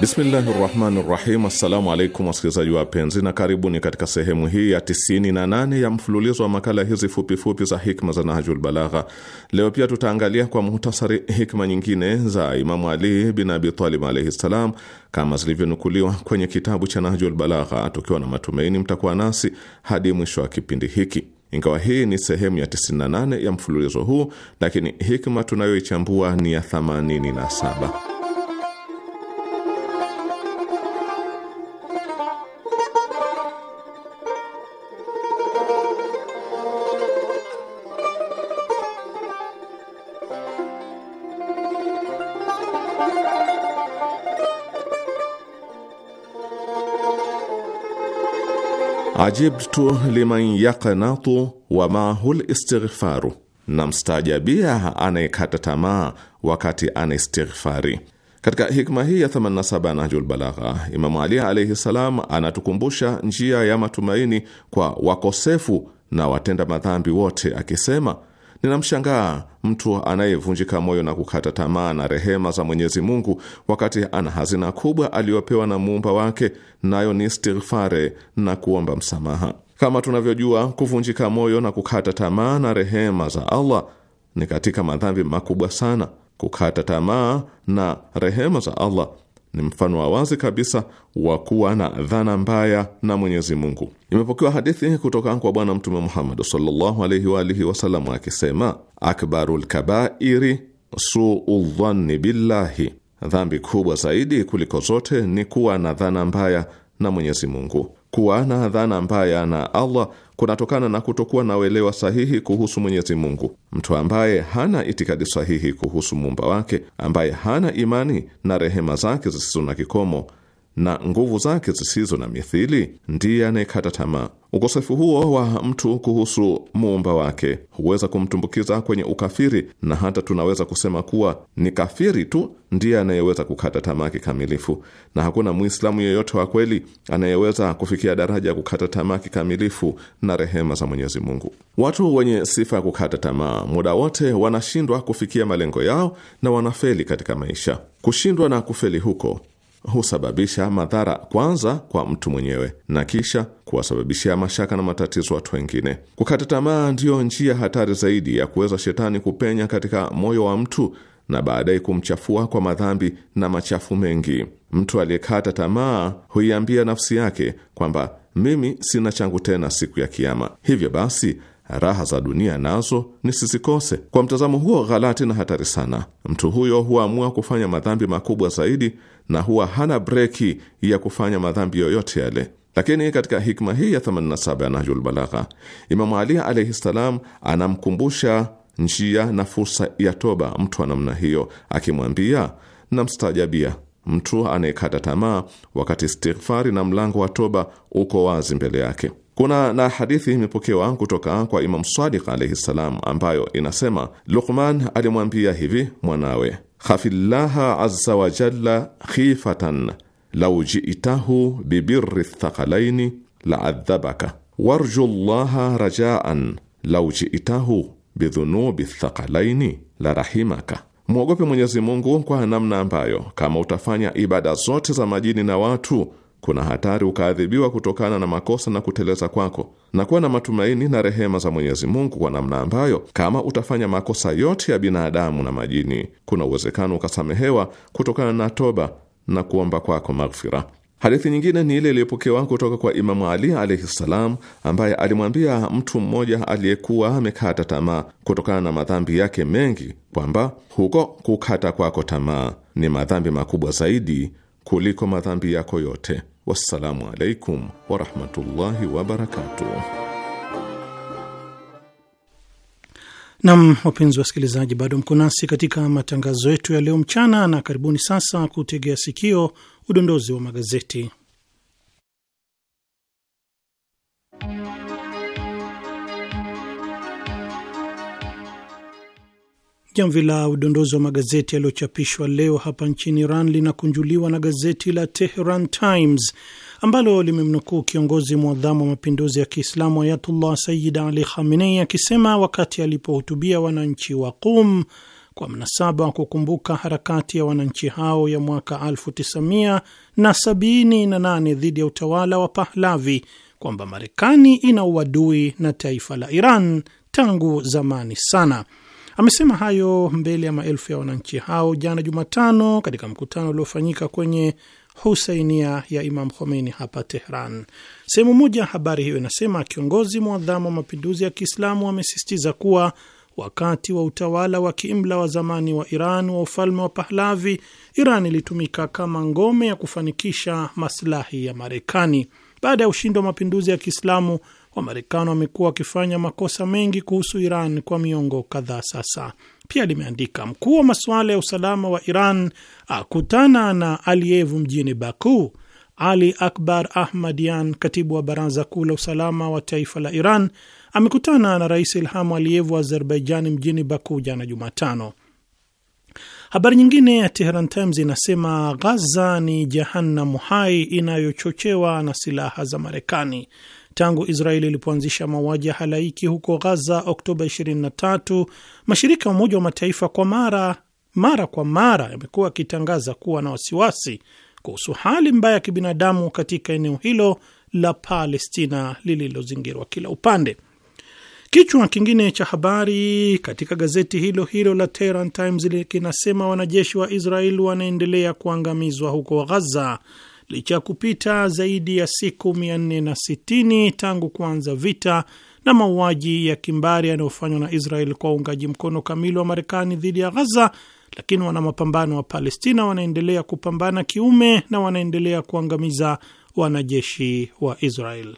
Bismillahi rahmani rahim. Assalamu alaikum wasikilizaji wapenzi, na karibuni katika sehemu hii ya 98 ya mfululizo wa makala hizi fupifupi za hikma za Nahjul Balagha. Leo pia tutaangalia kwa muhtasari hikma nyingine za Imamu Ali bin Abi Talib alaihi ssalam kama zilivyonukuliwa kwenye kitabu cha Nahjul Balagha, tukiwa na matumaini mtakuwa nasi hadi mwisho wa kipindi hiki. Ingawa hii ni sehemu ya 98 ya mfululizo huu, lakini hikma tunayoichambua ni ya 87. ajibtu liman yaqanatu wa mahul istighfaru, na mstajabia anayekata tamaa wakati anaistighfari. Katika hikma hii ya 87 Nahjul Balagha, Imamu Ali alaihi salam anatukumbusha njia ya matumaini kwa wakosefu na watenda madhambi wote akisema Ninamshangaa mtu anayevunjika moyo na kukata tamaa na rehema za Mwenyezi Mungu wakati ana hazina kubwa aliyopewa na muumba wake, nayo ni istighfare na kuomba msamaha. Kama tunavyojua, kuvunjika moyo na kukata tamaa na rehema za Allah ni katika madhambi makubwa sana. Kukata tamaa na rehema za Allah ni mfano wa wazi kabisa wa kuwa na dhana mbaya na Mwenyezi Mungu. Imepokewa hadithi kutoka kwa Bwana Mtume Muhammad sallallahu alaihi wa alihi wasallam akisema, akbaru lkabairi suu dhanni billahi, dhambi kubwa zaidi kuliko zote ni kuwa na dhana mbaya na Mwenyezi Mungu. Kuwa na dhana mbaya na Allah kunatokana na kutokuwa na uelewa sahihi kuhusu Mwenyezi Mungu. Mtu ambaye hana itikadi sahihi kuhusu muumba wake, ambaye hana imani na rehema zake zisizo na kikomo na nguvu zake zisizo na mithili ndiye anayekata tamaa. Ukosefu huo wa mtu kuhusu muumba wake huweza kumtumbukiza kwenye ukafiri, na hata tunaweza kusema kuwa ni kafiri tu ndiye anayeweza kukata tamaa kikamilifu, na hakuna Mwislamu yeyote wa kweli anayeweza kufikia daraja ya kukata tamaa kikamilifu na rehema za Mwenyezi Mungu. Watu wenye sifa ya kukata tamaa muda wote wanashindwa kufikia malengo yao na wanafeli katika maisha. Kushindwa na kufeli huko husababisha madhara kwanza kwa mtu mwenyewe na kisha kuwasababishia mashaka na matatizo watu wengine. Kukata tamaa ndiyo njia hatari zaidi ya kuweza shetani kupenya katika moyo wa mtu na baadaye kumchafua kwa madhambi na machafu mengi. Mtu aliyekata tamaa huiambia nafsi yake kwamba mimi sina changu tena siku ya Kiama. Hivyo basi raha za dunia nazo sisikose Kwa mtazamo huo ghalati na hatari sana, mtu huyo huamua kufanya madhambi makubwa zaidi na huwa hana breki ya kufanya madhambi yoyote yale. Lakini katika hikma hii ya 87 ya Nahjul Balagha, Imamu Ali alaihi ssalam anamkumbusha njia na fursa ya toba mtu wa namna hiyo, akimwambia na mstajabia mtu anayekata tamaa wakati istighfari na mlango wa toba uko wazi mbele yake. Kuna na hadithi imepokewa kutoka kwa Imam Sadiq alaihi ssalam, ambayo inasema Luqman alimwambia hivi mwanawe, khafillaha azza wa jalla khifatan lau jitahu bibirri thaqalaini laadhabaka warju llaha rajaan lau jitahu bidhunubi thaqalaini la rahimaka, mwogope Mwenyezi Mungu kwa namna ambayo kama utafanya ibada zote za majini na watu kuna hatari ukaadhibiwa kutokana na makosa na kuteleza kwako, na kuwa na matumaini na rehema za Mwenyezi Mungu kwa namna ambayo kama utafanya makosa yote ya binadamu na majini, kuna uwezekano ukasamehewa kutokana na toba na kuomba kwako maghfira. Hadithi nyingine ni ile iliyopokewa kutoka kwa Imamu Ali alaihi ssalam, ambaye alimwambia mtu mmoja aliyekuwa amekata tamaa kutokana na madhambi yake mengi kwamba huko kukata kwako tamaa ni madhambi makubwa zaidi kuliko madhambi yako yote. Wassalamu alaikum warahmatullahi wabarakatuh. Nam, wapenzi wasikilizaji, bado mko nasi katika matangazo yetu ya leo mchana, na karibuni sasa kutegea sikio udondozi wa magazeti. Jamvi la udondozi wa magazeti yaliyochapishwa leo hapa nchini Iran linakunjuliwa na gazeti la Tehran Times ambalo limemnukuu kiongozi mwadhamu wa mapinduzi ya Kiislamu Ayatullah Sayyid Ali Khamenei akisema wakati alipohutubia wananchi wa Qum kwa mnasaba wa kukumbuka harakati ya wananchi hao ya mwaka 1978 dhidi ya utawala wa Pahlavi kwamba Marekani ina uadui na taifa la Iran tangu zamani sana Amesema hayo mbele ya maelfu ya wananchi hao jana Jumatano katika mkutano uliofanyika kwenye husainia ya Imam Khomeini hapa Tehran. Sehemu moja ya habari hiyo inasema kiongozi mwadhamu wa mapinduzi ya Kiislamu amesisitiza kuwa wakati wa utawala wa kiimla wa zamani wa Iran wa ufalme wa Pahlavi, Iran ilitumika kama ngome ya kufanikisha maslahi ya Marekani. Baada ya ushindi wa mapinduzi ya Kiislamu, Wamarekani wamekuwa wakifanya makosa mengi kuhusu Iran kwa miongo kadhaa sasa. Pia limeandika mkuu wa masuala ya usalama wa Iran akutana na Aliyevu mjini Baku. Ali Akbar Ahmadian, katibu wa baraza kuu la usalama wa taifa la Iran, amekutana na rais Ilhamu Aliyevu wa Azerbaijan mjini Baku jana Jumatano. Habari nyingine ya Teheran Times inasema Ghaza ni jehanamu hai inayochochewa na silaha za Marekani. Tangu Israeli ilipoanzisha mauaji ya halaiki huko Ghaza Oktoba 23, mashirika ya Umoja wa Mataifa kwa mara mara kwa mara yamekuwa yakitangaza kuwa na wasiwasi kuhusu hali mbaya ya kibinadamu katika eneo hilo la Palestina lililozingirwa kila upande. Kichwa kingine cha habari katika gazeti hilo hilo la Tehran Times kinasema wanajeshi wa Israel wanaendelea kuangamizwa huko Ghaza licha ya kupita zaidi ya siku 460 tangu kuanza vita na mauaji ya kimbari yanayofanywa na Israel kwa uungaji mkono kamili wa Marekani dhidi ya Ghaza, lakini wana mapambano wa Palestina wanaendelea kupambana kiume na wanaendelea kuangamiza wanajeshi wa Israel.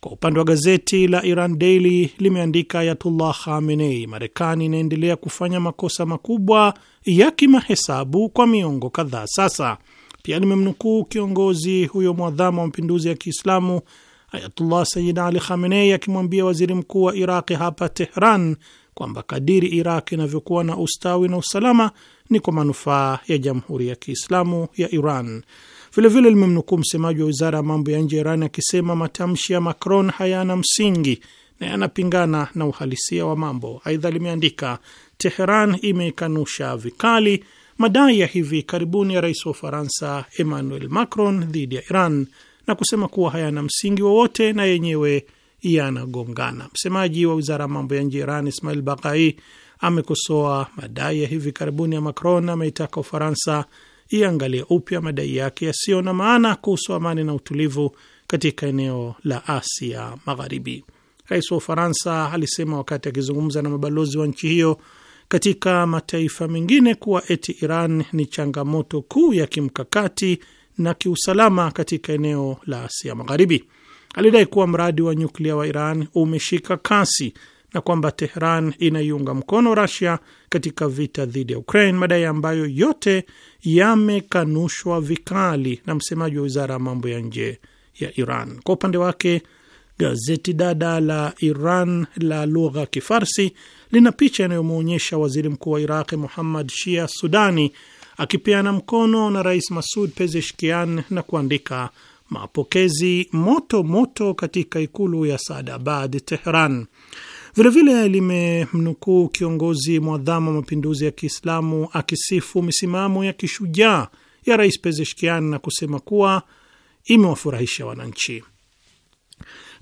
Kwa upande wa gazeti la Iran Daily limeandika, Ayatullah Khamenei, Marekani inaendelea kufanya makosa makubwa ya kimahesabu kwa miongo kadhaa sasa. Pia limemnukuu kiongozi huyo mwadhamu wa mapinduzi ya Kiislamu Ayatullah Sayyid Ali Khamenei akimwambia waziri mkuu wa Iraqi hapa Tehran kwamba kadiri Iraq inavyokuwa na ustawi na usalama ni kwa manufaa ya Jamhuri ya Kiislamu ya Iran. Vilevile limemnukuu msemaji wa wizara ya mambo ya nje ya Iran akisema matamshi ya Macron hayana msingi na yanapingana na uhalisia wa mambo. Aidha limeandika Teheran imeikanusha vikali madai ya hivi karibuni ya rais wa Ufaransa Emmanuel Macron dhidi ya Iran na kusema kuwa hayana msingi wowote na yenyewe yanagongana. Msemaji wa wizara ya mambo ya nje Iran Ismail Bakai amekosoa madai ya hivi karibuni ya Macron, ameitaka Ufaransa iangalie upya madai yake yasiyo na maana kuhusu amani na utulivu katika eneo la Asia Magharibi. Rais wa Ufaransa alisema wakati akizungumza na mabalozi wa nchi hiyo katika mataifa mengine kuwa eti Iran ni changamoto kuu ya kimkakati na kiusalama katika eneo la Asia Magharibi. Alidai kuwa mradi wa nyuklia wa Iran umeshika kasi na kwamba Tehran inaiunga mkono rasia katika vita dhidi ya Ukraine, madai ambayo yote yamekanushwa vikali na msemaji wa wizara ya mambo ya nje ya Iran. Kwa upande wake, gazeti dada la Iran la lugha Kifarsi lina picha inayomwonyesha waziri mkuu wa Iraqi Muhammad Shia Sudani akipeana mkono na rais Masud Pezeshkian na kuandika mapokezi moto moto katika ikulu ya Saadabad, Tehran. Vilevile limemnukuu kiongozi mwadhamu wa mapinduzi ya Kiislamu akisifu misimamo ya kishujaa ya rais Pezeshkian na kusema kuwa imewafurahisha wananchi.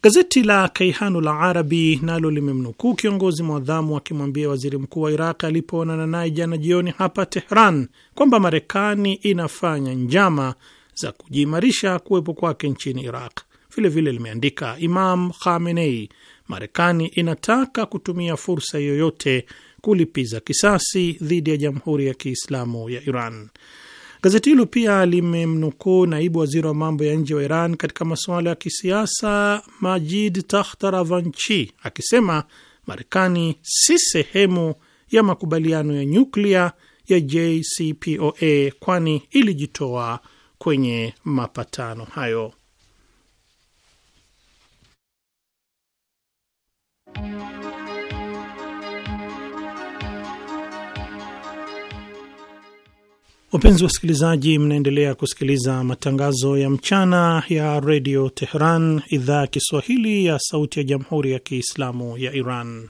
Gazeti la kaihanu la Arabi nalo limemnukuu kiongozi mwadhamu akimwambia waziri mkuu wa Iraq alipoonana naye jana jioni hapa Tehran kwamba Marekani inafanya njama za kujiimarisha kuwepo kwake nchini Iraq. Vilevile limeandika Imam Khamenei, Marekani inataka kutumia fursa yoyote kulipiza kisasi dhidi ya Jamhuri ya Kiislamu ya Iran. Gazeti hilo pia limemnukuu naibu waziri wa mambo ya nje wa Iran katika masuala ya kisiasa Majid Tahtaravanchi akisema Marekani si sehemu ya makubaliano ya nyuklia ya JCPOA kwani ilijitoa kwenye mapatano hayo. Wapenzi wasikilizaji, mnaendelea kusikiliza matangazo ya mchana ya redio Teheran, idhaa ya Kiswahili ya sauti ya jamhuri ya Kiislamu ya Iran.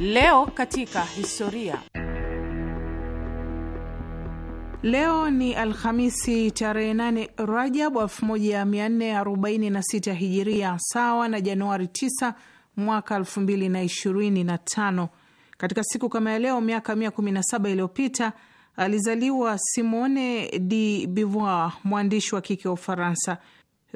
Leo katika historia Leo ni Alhamisi tarehe 8 Rajab 1446 Hijiria, sawa na Januari 9 mwaka 2025. Katika siku kama ya leo miaka 17 iliyopita alizaliwa Simone de Beauvoir, mwandishi wa kike wa Ufaransa.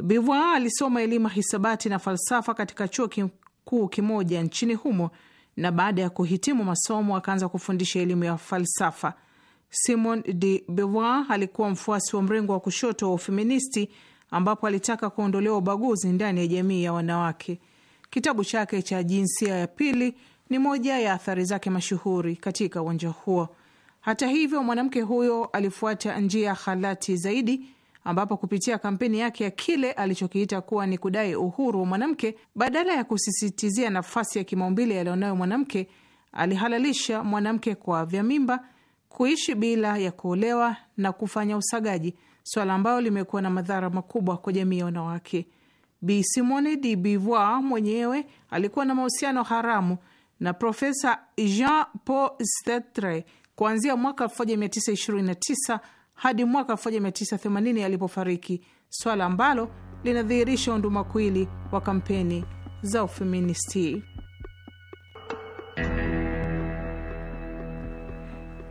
Beauvoir alisoma elimu hisabati na falsafa katika chuo kikuu kimoja nchini humo, na baada ya kuhitimu masomo akaanza kufundisha elimu ya falsafa. Simone de Beauvoir alikuwa mfuasi wa mrengo wa kushoto wa ufeministi, ambapo alitaka kuondolewa ubaguzi ndani ya jamii ya wanawake. Kitabu chake cha Jinsia ya Pili ni moja ya athari zake mashuhuri katika uwanja huo. Hata hivyo, mwanamke huyo alifuata njia halati zaidi, ambapo kupitia kampeni yake ya kile alichokiita kuwa ni kudai uhuru wa mwanamke, badala ya kusisitizia nafasi ya kimaumbile yaliyonayo mwanamke, alihalalisha mwanamke vya mimba kuishi bila ya kuolewa na kufanya usagaji, swala ambalo limekuwa na madhara makubwa kwa jamii ya wanawake. Bi Simone de Beauvoir mwenyewe alikuwa na mahusiano haramu na Profesa Jean Paul Sartre kuanzia mwaka 1929 hadi mwaka 1980 alipofariki, swala ambalo linadhihirisha undumakuwili wa kampeni za ufeministi.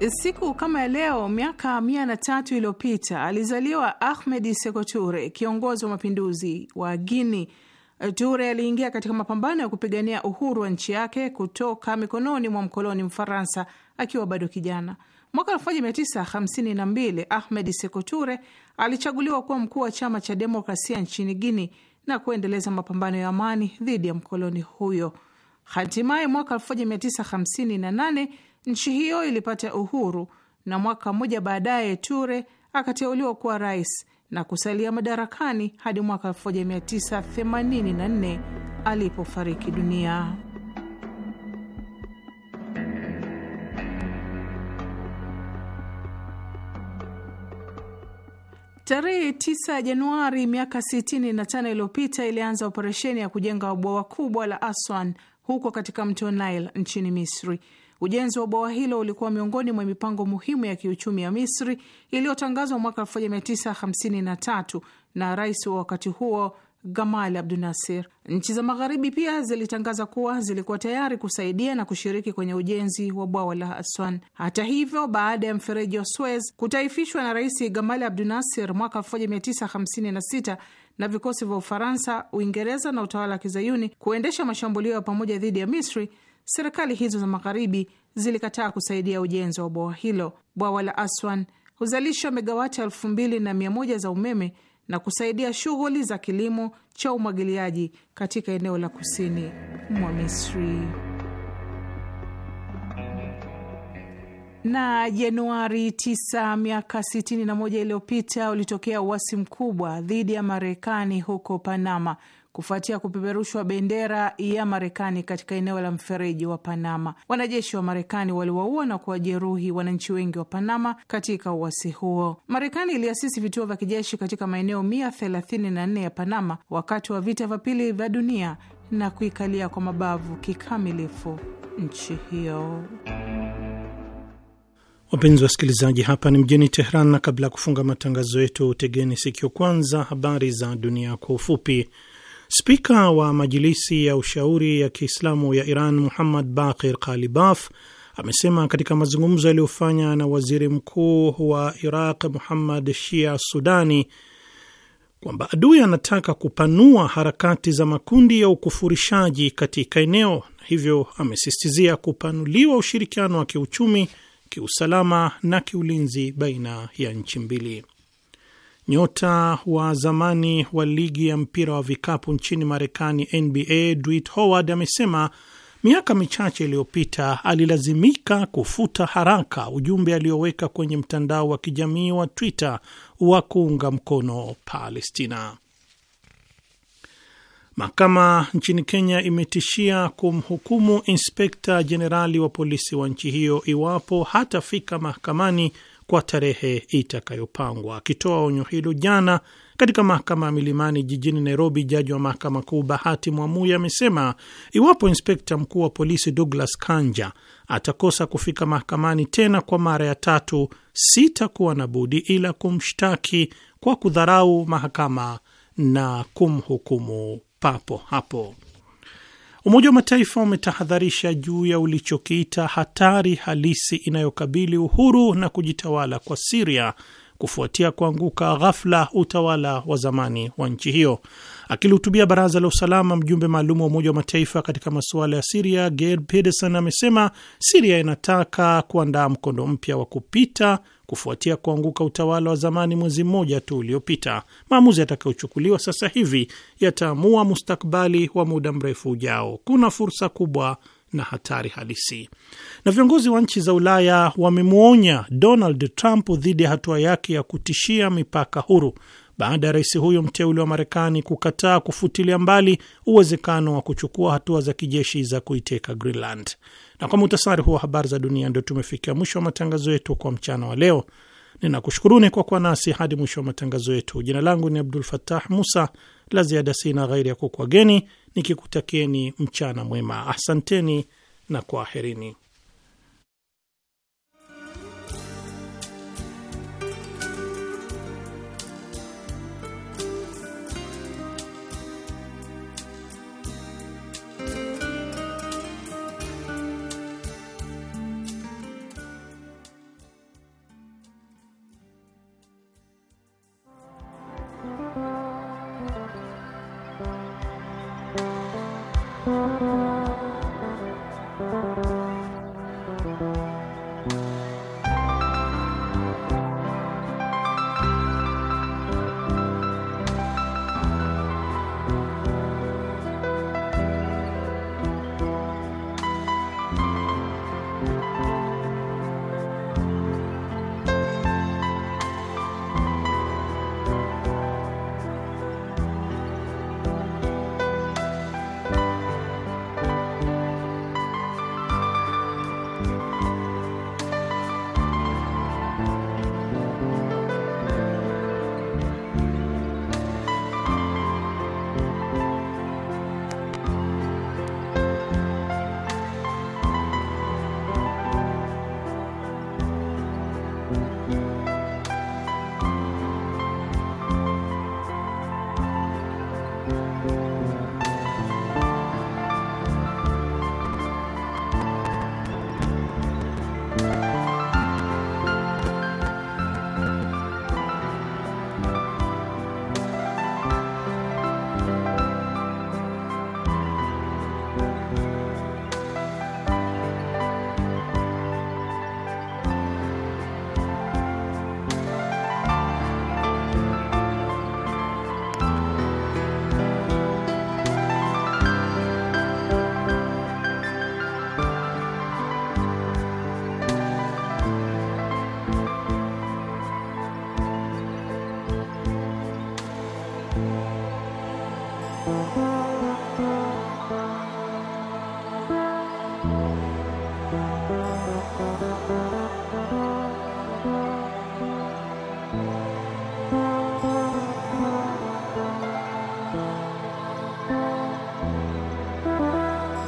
Siku kama ya leo miaka mia na tatu iliyopita alizaliwa Ahmed Seko Ture, kiongozi wa mapinduzi wa Guini. Ture aliingia katika mapambano ya kupigania uhuru wa nchi yake kutoka mikononi mwa mkoloni Mfaransa akiwa bado kijana. Mwaka 1952 Ahmed Seko Ture alichaguliwa kuwa mkuu wa chama cha demokrasia nchini Guini na kuendeleza mapambano ya amani dhidi ya mkoloni huyo. Hatimaye mwaka 1958 Nchi hiyo ilipata uhuru na mwaka mmoja baadaye Ture akateuliwa kuwa rais na kusalia madarakani hadi mwaka 1984 alipofariki dunia. Tarehe 9 Januari miaka 65 iliyopita ilianza operesheni ya kujenga bwawa kubwa la Aswan huko katika mto Nile nchini Misri. Ujenzi wa bwawa hilo ulikuwa miongoni mwa mipango muhimu ya kiuchumi ya Misri iliyotangazwa mwaka 1953 na rais wa wakati huo Gamal abdu nasir Nchi za Magharibi pia zilitangaza kuwa zilikuwa tayari kusaidia na kushiriki kwenye ujenzi wa bwawa la Aswan. Hata hivyo, baada ya mfereji wa Suez kutaifishwa na Rais Gamal Nasir mwaka 1956 na vikosi vya Ufaransa, Uingereza na utawala wa Kizayuni kuendesha mashambulio ya pamoja dhidi ya Misri, Serikali hizo za magharibi zilikataa kusaidia ujenzi wa bwawa hilo. Bwawa la Aswan huzalisha megawati elfu mbili na mia moja za umeme na kusaidia shughuli za kilimo cha umwagiliaji katika eneo la kusini mwa Misri. Na Januari 9 miaka 61 iliyopita ulitokea uasi mkubwa dhidi ya Marekani huko Panama kufuatia kupeperushwa bendera ya Marekani katika eneo la mfereji wa Panama. Wanajeshi wa Marekani waliwaua na kuwajeruhi wananchi wengi wa Panama katika uasi huo. Marekani iliasisi vituo vya kijeshi katika maeneo mia thelathini na nne ya Panama wakati wa vita vya pili vya dunia na kuikalia kwa mabavu kikamilifu nchi hiyo. Wapenzi wasikilizaji, hapa ni mjini teheran na kabla ya kufunga matangazo yetu, tegeni sikio kwanza habari za dunia kwa ufupi. Spika wa Majilisi ya Ushauri ya Kiislamu ya Iran Muhammad Bakir Kalibaf amesema katika mazungumzo yaliyofanya na waziri mkuu wa Iraq Muhammad Shia Sudani kwamba adui anataka kupanua harakati za makundi ya ukufurishaji katika eneo, na hivyo amesistizia kupanuliwa ushirikiano wa kiuchumi, kiusalama na kiulinzi baina ya nchi mbili. Nyota wa zamani wa ligi ya mpira wa vikapu nchini Marekani, NBA, Dwight Howard amesema miaka michache iliyopita alilazimika kufuta haraka ujumbe alioweka kwenye mtandao wa kijamii wa Twitter wa kuunga mkono Palestina. Mahakama nchini Kenya imetishia kumhukumu inspekta jenerali wa polisi wa nchi hiyo iwapo hatafika mahakamani kwa tarehe itakayopangwa. Akitoa onyo hilo jana katika mahakama ya Milimani jijini Nairobi, jaji wa mahakama kuu Bahati Mwamuye amesema iwapo inspekta mkuu wa polisi Douglas Kanja atakosa kufika mahakamani tena kwa mara ya tatu, sitakuwa na budi ila kumshtaki kwa kudharau mahakama na kumhukumu papo hapo. Umoja wa Mataifa umetahadharisha juu ya ulichokiita hatari halisi inayokabili uhuru na kujitawala kwa Siria kufuatia kuanguka ghafla utawala wa zamani wa nchi hiyo. Akilihutubia baraza la usalama, mjumbe maalum wa Umoja wa Mataifa katika masuala ya Siria Geir Pedersen amesema Siria inataka kuandaa mkondo mpya wa kupita kufuatia kuanguka utawala wa zamani mwezi mmoja tu uliopita. Maamuzi yatakayochukuliwa sasa hivi yataamua mustakbali wa muda mrefu ujao. Kuna fursa kubwa na hatari halisi. Na viongozi wa nchi za Ulaya wamemwonya Donald Trump dhidi ya hatua yake ya kutishia mipaka huru baada ya rais huyo mteule wa Marekani kukataa kufutilia mbali uwezekano wa kuchukua hatua za kijeshi za kuiteka Greenland. Na kwa muhtasari huo habari za dunia, ndio tumefikia mwisho wa matangazo yetu kwa mchana wa leo. Ninakushukuruni kwa kuwa nasi hadi mwisho wa matangazo yetu. Jina langu ni Abdul fatah Musa. La ziada sina ghairi ya kukwageni nikikutakieni mchana mwema. Asanteni na kwaherini.